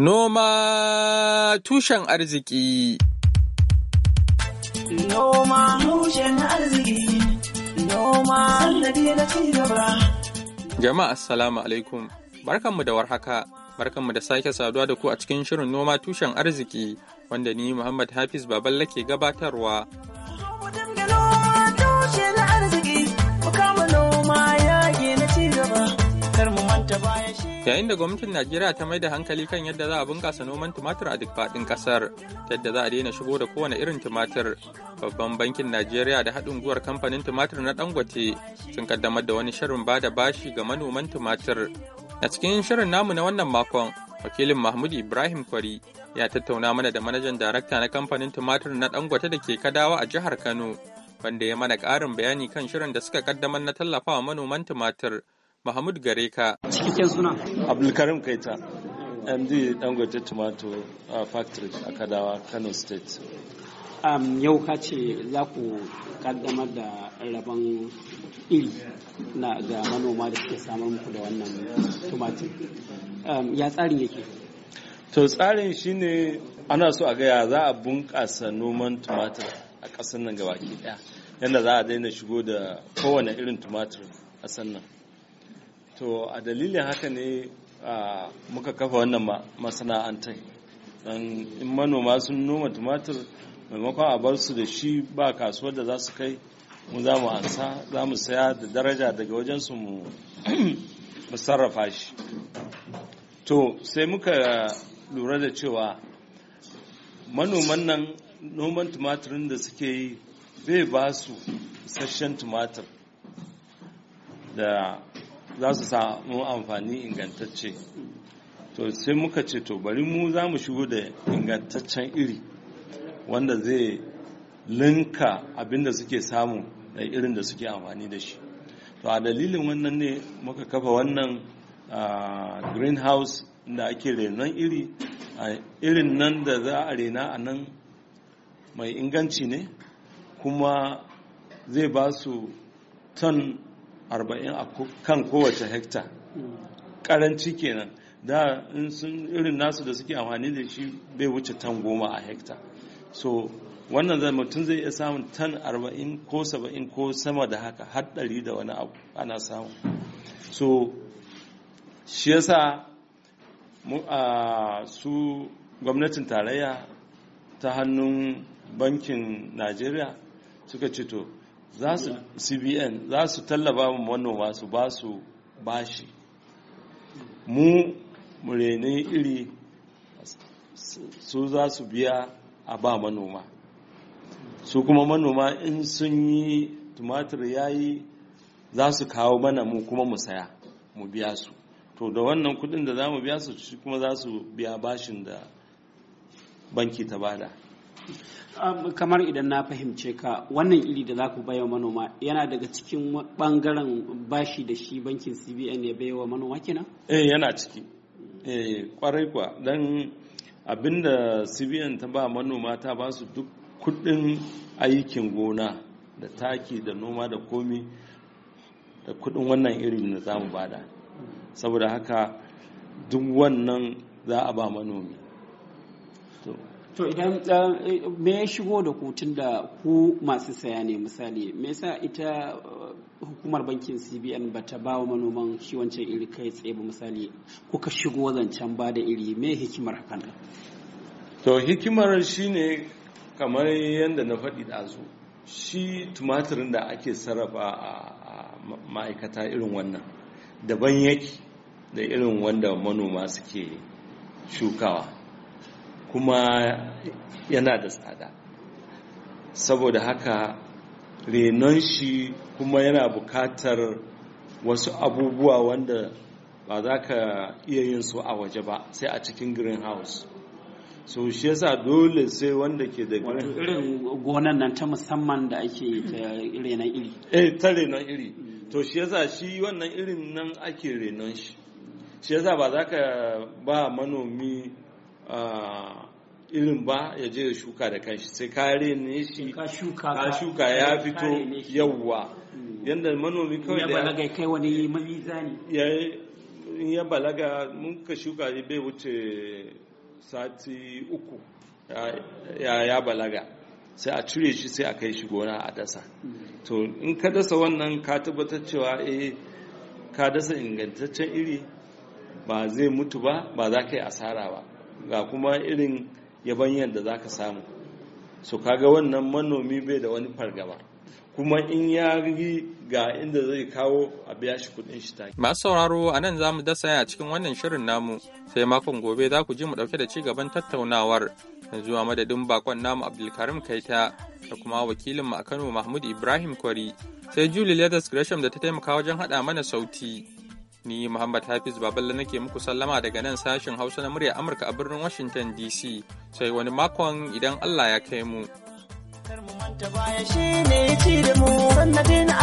Noma tushen arziki. Jama'a assalamu alaikum. Barkanmu da warhaka. Barkanmu da sake saduwa da ku a cikin shirin noma tushen arziki wanda ni Muhammad Hafiz Baballa ke gabatarwa. yayin da gwamnatin najeriya ta mai da hankali kan yadda za a bunkasa noman tumatir a duk faɗin ƙasar yadda za a daina shigo da kowane irin tumatir babban bankin najeriya da haɗin guwar kamfanin tumatir na dangote sun kaddamar da wani shirin ba da bashi ga manoman tumatir a cikin shirin namu na wannan makon wakilin mahmud ibrahim kwari ya tattauna mana da manajan darakta na kamfanin tumatir na dangote da ke kadawa a jihar kano wanda ya mana ƙarin bayani kan shirin da suka kaddamar na tallafawa manoman tumatir Mahmud Gareka. Cikakken suna. Abdulkarim Kaita. MD Dangote Tomato uh, Factory a Kadawa, Kano State. Um, yau ka ce za ku kaddamar da rabon iri na ga manoma da suke samun muku da wannan tumatir. Um, ya tsarin yake? To tsarin shine ana so a gaya za a bunƙasa noman tumatir a ƙasar nan gabaki ɗaya. Yadda za a daina shigo da kowane irin tumatir a sannan. to a dalilin haka ne muka kafa wannan masana'antar in manoma sun noma tumatir maimakon a bar su da shi ba kasuwar da za su kai mu za mu ansa za mu saya da daraja daga wajensu mu sarrafa shi to sai muka lura da cewa manoman nan noman tumatirin da suke yi bai ba su isasshen tumatir da za su samu amfani ingantacce to sai muka ce to bari mu za mu shigo da ingantaccen iri wanda zai linka abinda suke samu da irin da suke amfani da shi to a dalilin wannan ne muka kafa wannan greenhouse da ake renon iri a irin nan da za a rena a nan mai inganci ne kuma zai ba su ton arba'in a kan kowace hekta karanci kenan da in sun irin nasu da suke amfani da shi bai wuce tan goma a hekta so wannan zai mutum zai iya samun tan arba'in ko saba'in ko sama da haka haɗari da wani abu ana samu so shi yasa su gwamnatin tarayya ta hannun bankin najeriya suka ce to za su cbn za su tallaba mu manoma su ba su bashi mu murene iri su za su biya a ba manoma su kuma manoma in sun yi tumatir yayi za su kawo mana mu kuma mu saya mu biya su to da wannan kudin da za mu biya su kuma za su biya bashin da banki ta bada Um, kamar idan na fahimce ka wannan iri da za ku baiwa manoma yana daga cikin bangaren bashi da shi bankin cbn ya baiwa manoma kenan eh yana ciki eh kwarai kwa don abinda cbn ta ba manoma ta ba su duk kudin aikin gona da taki da noma da komi da kudin wannan iri da za mu bada saboda haka duk wannan za a ba manomi to idan eh, me ya shigo da ku da ku masu saya ne misali me yasa ita eh, hukumar bankin cbn ba ta ba wa manoman shi wancan iri kai tsaye ba misali kuka shigo zancen ba da iri me hikimar hakan to hikimar ne kamar yadda na faɗi ɗazu shi tumatirin da ake sarrafa a ma'aikata irin wannan daban yake da irin wanda manoma suke shukawa kuma yana da tsada saboda haka renon shi kuma yana bukatar wasu abubuwa wanda ba za ka iya yin su a waje ba sai a cikin greenhouse so shi yasa dole sai wanda ke da wato irin gonan nan ta musamman da ake ta renon iri eh ta renon iri to shi yasa shi wannan irin nan ake renon shi shi yasa ba za ka ba manomi Ah, irin ba ya je ya shuka da kanshi sai kare ne shi ka shuka ya fito yawwa mm. yadda manomi kawai da ya balaga kai wani ya balaga mun ka shuka bai wuce sati uku ya balaga sai a cire shi sai a kai shi gona a dasa mm. to in ka dasa wannan ka tabbatar cewa eh ka dasa ingantaccen iri ba zai mutu ba ba za ka yi asara ba ga kuma irin yabanyar da za ka samu su ga wannan manomi bai da wani fargaba kuma in ya rigi ga inda zai kawo a biya shi kudin shi take. Masu sauraro a nan za mu dasa a cikin wannan shirin namu sai makon gobe za ku ji mu dauke da ci gaban tattaunawar yanzu a madadin bakon namu Abdulkarim Kaita da kuma wakilin mu a Kano Mahmud Ibrahim Kwari sai Julie Leathers Gresham da ta taimaka wajen haɗa mana sauti. Ni Muhammad Hafiz Baballe nake muku sallama daga nan sashen Hausa na murya Amurka a birnin Washington DC. Sai wani makon idan Allah ya kai mu. Kar mu manta baya shi ne ci da mu,